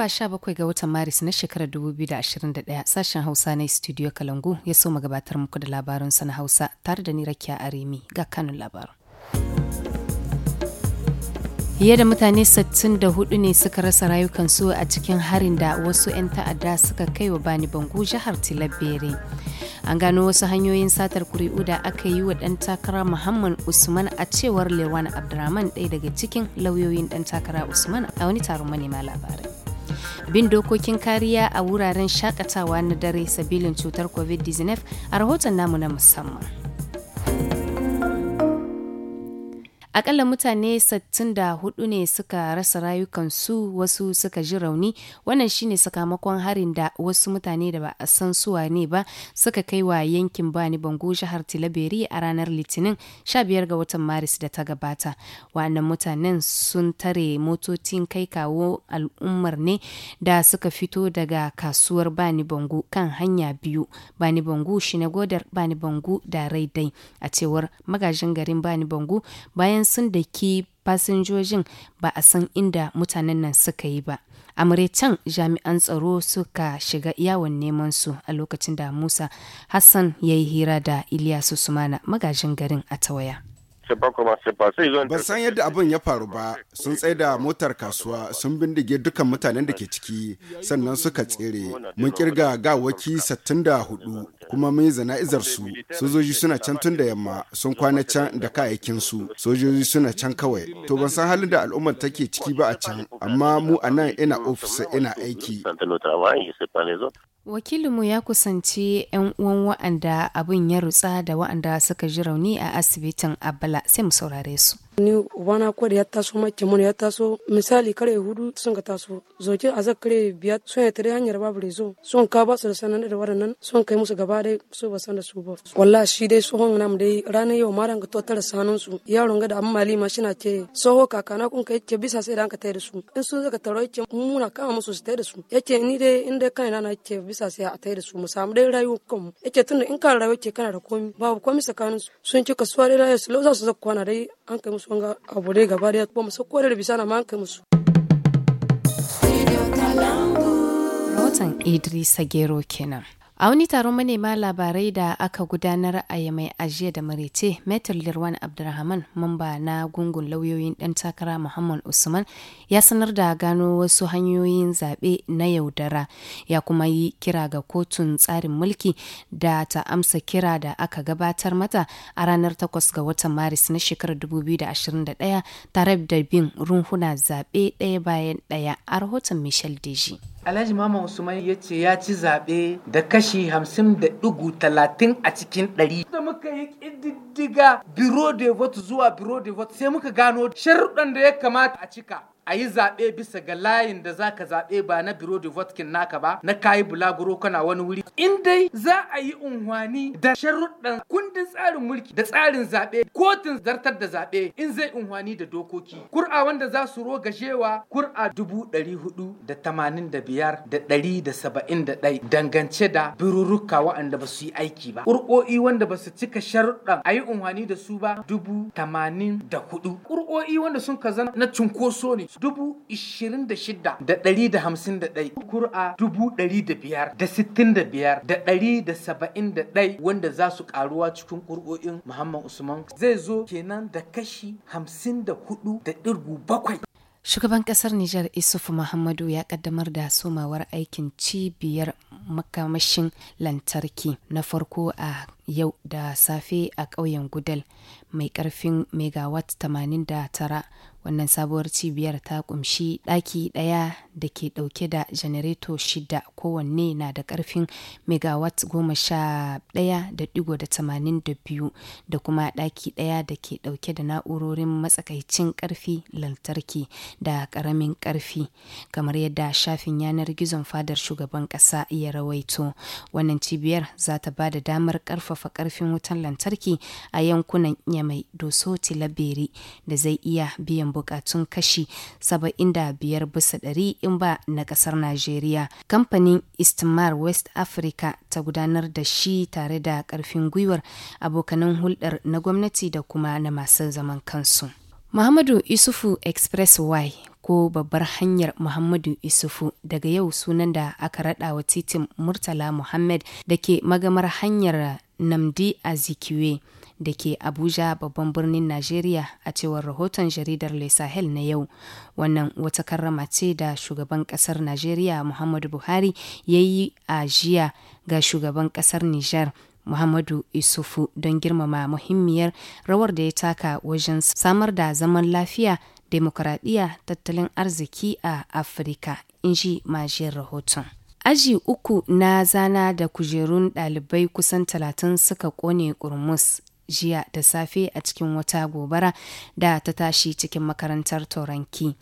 Laraba 17 ga watan Maris na shekarar 2021 sashen Hausa na Studio Kalangu ya so gabatar muku da labarin sana Hausa tare da ni Arimi ga kanun labarin. Fiye da mutane 64 ne suka rasa rayukansu a cikin harin da wasu 'yan ta'adda suka kai wa Bani Bangu jihar Tilabere. An gano wasu hanyoyin satar kuri'u da aka yi wa ɗan takara Muhammad Usman a cewar Lewan Abdurrahman ɗaya daga cikin lauyoyin ɗan takara Usman a wani taron manema labarai. bin dokokin kariya a wuraren shakatawa na dare sabilin cutar covid-19 a rahoton namu na musamman. Akalla mutane 64 ne suka rasa rayukansu wasu suka ji rauni wannan shine sakamakon harin da wasu mutane da ba a san suwa ne ba suka kai wa yankin Bani Bango jihar Tilaberi a ranar Litinin 15 ga watan Maris da ta gabata. Wannan mutanen sun tare motocin kai kawo al'ummar ne da suka fito daga kasuwar Bani Bango kan hanya biyu Bani Bango godar Bani Bango da Raidai a cewar magajin garin Bani Bango bayan bayan sun daki fasinjojin ba a san inda mutanen nan suka yi ba amurcan jami'an tsaro suka shiga yawon neman su a lokacin da musa hassan ya yi hira da iliyasu sumana magajin garin a tawaya Ban san yadda abin ya faru ba, sun tsaida motar kasuwa sun bindige dukkan mutanen da ke ciki sannan suka tsere. Mun kirga gawaki 64 kuma mun yi zana'izar su. Sojoji suna can tun da yamma sun kwana can da kayayyakin su. Sojoji suna can kawai. To ban san halin da al'ummar take ciki ba a can, amma mu a nan ina ofis ina aiki. wakilinmu ya kusanci 'yan uwan wa'anda abin ya rutsa da wa'anda suka ji rauni a asibitin abala sai mu saurare su ni wana ko da ya taso mace mun ya taso misali kare hudu sun ka taso zoke a zak kare biyar sun ya tare hanyar babu rezo sun ka ba su da sanan da waɗannan sun kai musu gaba dai su ba san da su ba wallahi shi dai sohon nam dai ranar yau ma ranka to tara sanun su yaron ga da amma malima shi na ce soho kakana kun kai ce bisa sai da ka tayar da su in sun zaka taro yake muna kama musu su tayar da su yake ni dai in dai kaina na ke bisa sai a tayar da su mu samu dai rayuwa kanmu yake tunda in ka rayuwa ke kana da komi babu komi tsakanin su sun ci kasuwa dai rayuwa su lau za su zakwana dai an kai musu wanga abu dai gaba daya kuma musu sauko bisa na manka musu Rotan idrisa sagero kenan A wani taron manema labarai da aka gudanar a mai ajiya da marece, Metal Lirwan Abdulrahman, mamba na gungun lauyoyin ɗan takara Muhammad Usman, ya sanar da gano wasu hanyoyin zaɓe na yaudara, ya kuma yi kira ga kotun tsarin mulki da ta amsa kira da aka gabatar mata a ranar 8 ga watan Maris na shekarar 2021 tare da bin runhuna zaɓe ɗaya bayan ɗaya a rahoton Michel Deji. Alhaji mama Usman ya ce ya ci zaɓe da kashi hamsin da ɗigu talatin a cikin ɗari. Da muka yi ƙididdiga biro de vote zuwa biro de vote sai muka gano sharuɗan da ya kamata a cika. a yi zaɓe bisa ga layin da za ka zaɓe ba na biro de votkin naka ba na kayi bulaguro kana wani wuri in dai za a yi unhwani da sharuɗan kundin tsarin mulki da tsarin zaɓe kotun zartar da zaɓe in zai unhwani da dokoki kur'a wanda za su ro gajewa kur'a dubu ɗari hudu da tamanin da biyar da ɗari da saba'in da ɗai dangance da birurruka waɗanda ba su yi aiki ba ƙur'o'i wanda ba su cika sharuɗan a yi unhwani da su ba dubu tamanin da hudu ƙur'o'i wanda sun kaza na cunkoso ne dubu ishirin da shida da ɗari da hamsin da ɗai kur'a dubu ɗari da biyar da sittin da biyar da ɗari da saba'in da ɗai wanda za su ƙaruwa cikin ƙur'o'in muhammad usman zai zo kenan da kashi hamsin da hudu da ɗirgu bakwai Shugaban kasar Nijar Isufu Muhammadu ya kaddamar da somawar aikin cibiyar makamashin lantarki na farko a yau da safe a ƙauyen Gudel mai ƙarfin megawatt 89 wannan sabuwar cibiyar ta kumshi ɗaki ɗaya da ke ɗauke da janareto shida kowanne na da ƙarfin megawatt goma sha ɗaya da digo da tamanin da biyu da kuma ɗaki ɗaya da ke ɗauke da na'urorin matsakaicin ƙarfi lantarki da ƙaramin ƙarfi kamar yadda shafin yanar gizon fadar shugaban ƙasa ya rawaito wannan cibiyar za ta ba da damar ƙarfafa ƙarfin wutan lantarki a yankunan yamai doso tilaberi da zai iya biyan bukatun kashi 75 bisa ɗari in ba na ƙasar Najeriya. Kamfanin Istimar West Africa ta gudanar da shi tare da ƙarfin gwiwar abokanan hulɗar na gwamnati da kuma na masu zaman kansu. Muhammadu Isufu Expressway ko babbar hanyar Muhammadu Isufu daga yau sunan da aka raɗa wa titin Murtala Muhammad da ke magamar hanyar Namdi Azikiwe. da ke Abuja babban birnin Najeriya a cewar rahoton jaridar Le Sahel na yau. Wannan wata karrama ce da shugaban kasar Najeriya Muhammadu Buhari ya yi a jiya ga shugaban kasar Nijar. Muhammadu Isufu don girmama muhimmiyar rawar da ya taka wajen samar da zaman lafiya, demokuraɗiyya, tattalin arziki a Afirka, in ji majiyar rahoton. Aji uku na zana da kujerun ɗalibai kusan talatin suka ƙone ƙurmus jiya da safe a cikin wata gobara da ta tashi cikin makarantar Toranki.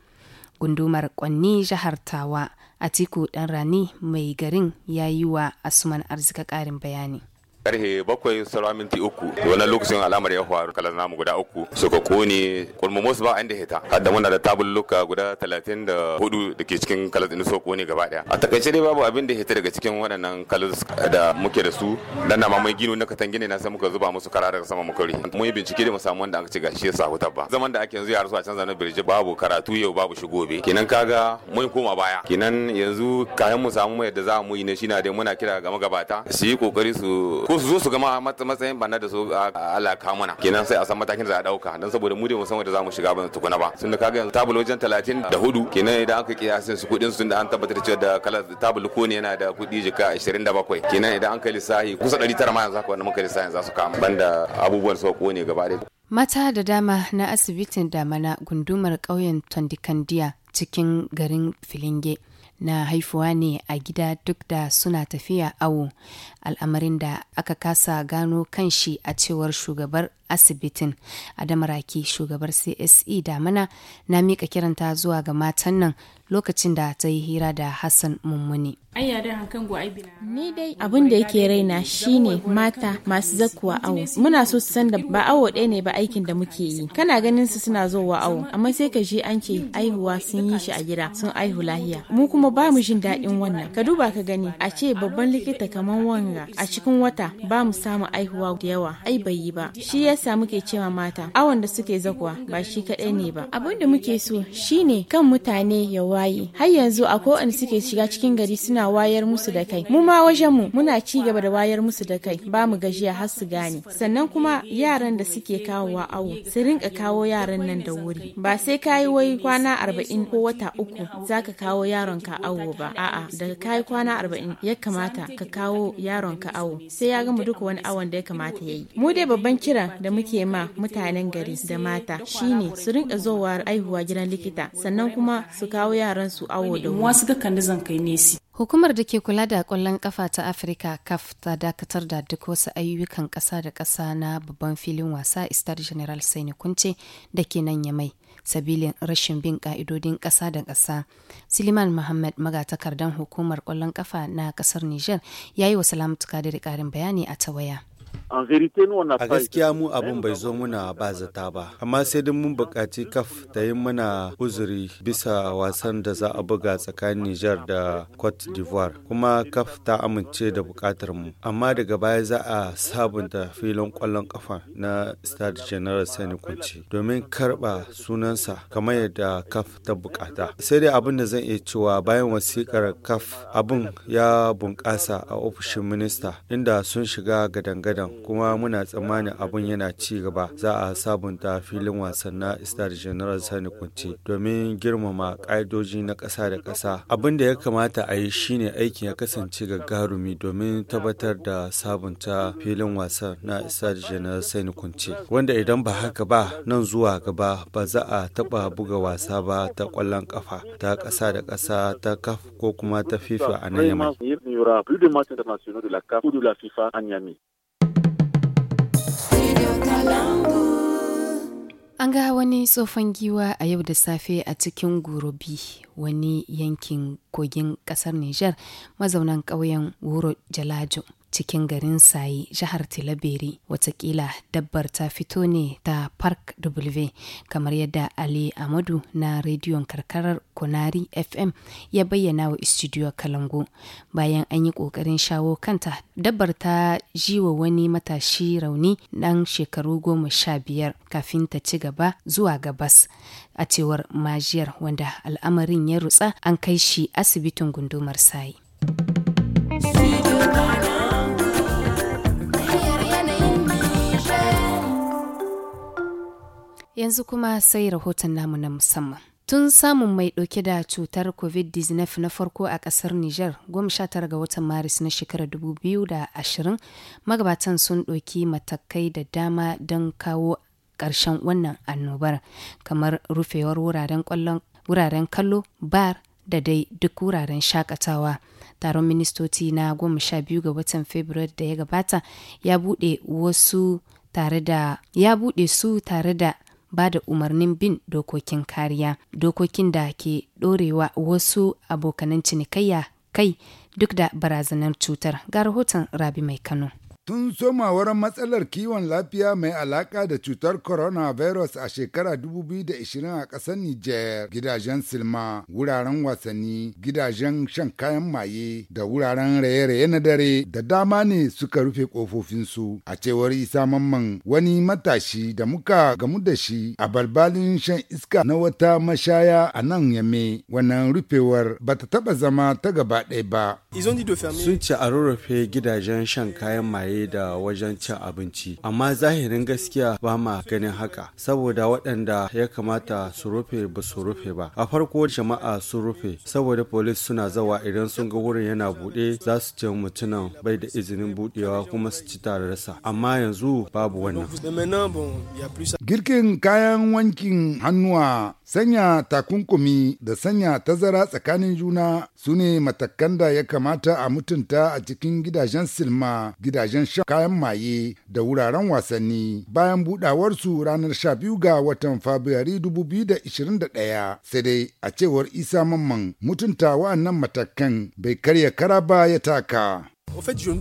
Gundumar Kwanni jihar Tawa, Atiku rani mai garin ya yi wa Asuman arzika ƙarin bayani. karhe bakwai sauran minti uku wannan lokacin al'amar ya faru kalar namu guda uku suka kone kurmumus ba inda hita hadda muna da tabulluka guda talatin da hudu da ke cikin kalar din su kone gaba daya a takaice dai babu abin da hita daga cikin waɗannan kalar da muke da su dan na mamai gino na katangine na sai muka zuba musu kara daga sama muka rihe mun yi bincike da mu samu wanda aka ce gashi ya sahu tabba zaman da ake yanzu ya su a canza na birji babu karatu yau babu shigo be kenan kaga mun koma baya kenan yanzu kayan mu samu yadda za mu yi ne shine dai muna kira ga magabata su yi kokari su ko su zo su gama matsayin bana da su Allah ka kenan sai a san matakin da za a dauka dan saboda mu da mu san wanda za mu shiga ba tukuna ba sun da kaga yanzu tabul wajen 34 kenan idan aka kiyasin su kudin su da an tabbatar cewa da kala tabul ko ne yana da kudi jika 27 kenan idan an kai lissafi kusa 900 ma yanzu haka wannan muka lissafi za su kama banda abubuwan su ko ne gaba ɗaya Mata da dama na asibitin damana gundumar ƙauyen Tondikandiya cikin garin Filinge na haifuwa ne a gida duk da suna tafiya awo al'amarin da aka kasa gano kanshi a cewar shugabar asibitin adamaraki shugabar cse damana na mika kiranta zuwa ga matan nan lokacin da ta yi hira da hassan mummuni ni dai abin da yake raina shine mata masu zakuwa awo muna so su san da ba awo ɗaya ne ba aikin da muke yi kana ganin su suna zowa awo amma sai ka je an ce aihuwa sun yi shi a gida sun aihu lahiya mu kuma ba mu jin daɗin wannan ka duba ka gani a ce babban likita kamar wanga a cikin wata ba mu samun aihuwa da yawa ai bai yi ba shi ya yasa muke cewa mata awon da suke zakuwa ba shi kadai ne ba abin da muke so shine kan mutane ya waye har yanzu a wanda suke shiga cikin gari suna wayar musu da kai mu ma wajen mu muna ci gaba da wayar musu da kai ba mu gajiya har su gane sannan kuma yaran da suke kawowa awo su rinka kawo yaran nan da wuri ba sai kayi wai kwana arba'in ko wata uku zaka kawo yaron ka awo ba a'a daga kayi kwana arba'in ya kamata ka kawo yaron ka awo sai ya gama duka wani awon da ya kamata ya yi mu dai babban kira da da muke ma mutanen gari da mata shine su rinka zowa aihuwa gidan likita sannan kuma su kawo yaran su awo da kai nesi. Hukumar da ke kula da kwallon kafa ta Afirka CAF ta dakatar da duk wasu ayyukan ƙasa da ƙasa na babban filin wasa Istar General Sani Kunce da ke nan Yamai. sabilin rashin bin ka'idodin ƙasa da ƙasa. Suleiman Muhammad magatakardan hukumar ƙwallon kafa na ƙasar Nijar ya yi wa Salamatu da karin bayani a ta waya. A gaskiya mu abun bai zo muna ba zata ba, amma sai dai mun bukaci kaf ta yi mana uzuri bisa wasan da za a buga tsakanin niger da Cote d'Ivoire, kuma kaf ta amince da bukatar mu. Amma daga baya za a sabunta filin kwallon kafa na Stade General Sani Kunci domin karba sunansa kamar yadda kaf ta bukata Sai dai abin da zan iya cewa bayan wasikar kaf abun ya bunƙasa a ofishin minista inda sun shiga gadan-gadan kuma muna tsammanin abin yana ci gaba za a sabunta filin wasan na Star General Sani Kunce domin girmama ƙa'idoji na ƙasa da ƙasa. Abin da ya kamata a yi shine aikin ya kasance gagarumi domin tabbatar da sabunta filin wasan na Star General Sani Kunce wanda idan ba haka ba nan zuwa gaba ba za a taɓa buga wasa ba ta ƙwallon ƙafa ta ƙasa da ƙasa ta kaf ko kuma ta FIFA a nan yamma. An ga wani tsofan giwa a yau da safe a cikin Gorobi wani yankin kogin kasar Nijar mazaunan ƙauyen Wuro Jalajo cikin garin Sayi, jihar Tilaberi. Watakila dabbar ta fito ne ta Park W kamar yadda Ali Amadu na rediyon karkarar Kunari FM ya bayyana wa Studio kalangu, Bayan an yi ƙoƙarin shawo kanta, dabbar ta ji wa wani matashi rauni ɗan shekaru goma sha biyar kafin ta ci gaba zuwa gabas. A cewar majiyar wanda al'amarin ya rutsa an kai shi asibitin gundumar Sayi. Yanzu kuma sai rahoton namu na musamman. Tun samun mai ɗauke da cutar COVID-19 na farko a ƙasar Nijar, goma ga watan Maris na shekarar 2020, magabatan sun ɗauki matakai da dama don kawo ƙarshen wannan annobar, kamar rufewar wuraren kallo, bar, da dai duk wuraren shakatawa. Taron ministoci na goma sha ga watan Fabrairu da ya gabata ya buɗe ya buɗe su tare da ba da umarnin bin dokokin kariya dokokin da ke ɗorewa wasu abokanan cinikayya kai duk da barazanar cutar ga rahoton rabi mai kano Tun somawar matsalar kiwon lafiya mai alaka da cutar coronavirus a shekara 2020 a ƙasar Nijar, gidajen silma, wuraren wasanni, gidajen shan kayan maye da wuraren raye-raye na dare da dama ne suka rufe ƙofofinsu a cewar Isa Mamman wani matashi da muka gamu da shi a balbalin shan iska na wata mashaya a nan yame wannan rufewar ba ta taba zama ta gaba ɗaya ba. Sun ci a rurrufe gidajen shan kayan maye da wajen cin abinci amma zahirin gaskiya ba ma ganin haka saboda waɗanda ya kamata su rufe ba su rufe ba a farko jama'a su rufe saboda polis suna zawa idan sun ga wurin yana buɗe za su ce mutumin bai da izinin buɗewa kuma su ci tararsa amma yanzu babu wannan girkin kayan wankin hannuwa sanya takunkumi da sanya tazara tsakanin juna su ne matakan da ya kamata a mutunta a cikin gidajen silma gidajen sha kayan maye da wuraren wasanni bayan budawarsu ranar 12 ga watan Fabrairu 2021 sai dai a cewar Isa Mamman mutunta wa'annan matakan bai karya kara ba ya taka.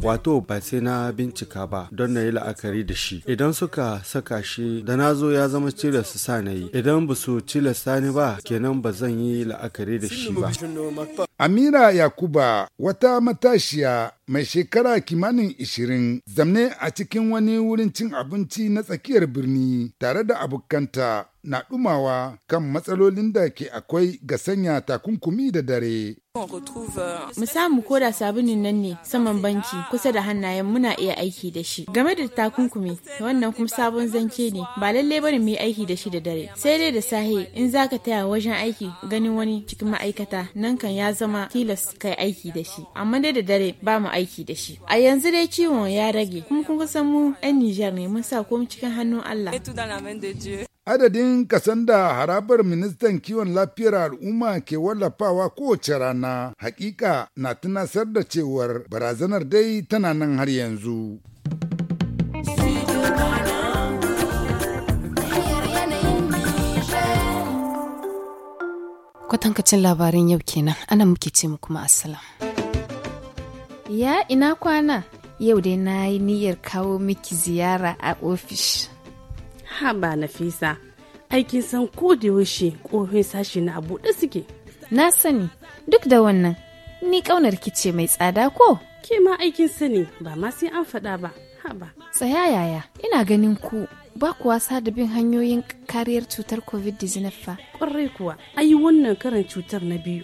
Wato ba sai na bincika ba don na yi la'akari da shi. Idan suka saka shi da na zo ya zama cire su sa na yi. Idan ba su cire ni ba kenan ba zan yi la'akari da shi ba. Amira Yakuba wata matashiya mai shekara kimanin ishirin zamne a cikin wani wurin cin abinci na tsakiyar birni tare da abokanta na ɗumawa kan matsalolin da ke akwai ga sanya takunkumi da dare. Mu samu koda sabunin nan ne saman banki kusa da hannayen muna iya aiki da shi. Game da takunkumi wannan kuma sabon zance ne ba lallai bane mu yi aiki da shi da dare. Sai dai da sahe in za ka taya wajen aiki ganin wani cikin ma'aikata nan kan ya zama tilas kai aiki da shi. Amma dai da dare ba mu aiki da shi a yanzu dai ciwon ya rage kuma kun kusan mu 'yan nijar ne mun sa komai cikin hannun allah adadin kasan da harabar ministan kiwon lafiyar al'umma ke wallafawa kowace rana hakika na tunasar da cewar barazanar dai tana nan har yanzu kwatankacin labarin yau kenan ana muke ce mu kuma asala. Ya ina kwana? Yau dai na yi niyyar kawo miki ziyara a ofish. Haba Nafisa, aikin san ko da yaushe ƙofin sashi na buɗe suke. Na sani, duk da wannan, ni ƙaunar kice mai tsada ko? Ke ma aikin sani ba ma sai an faɗa ba, haba. Tsaya yaya, ina ganin ku ba kuwa da bin hanyoyin kariyar cutar covid-19 fa. Ƙwarai kuwa, ayi wannan karin cutar na biyu.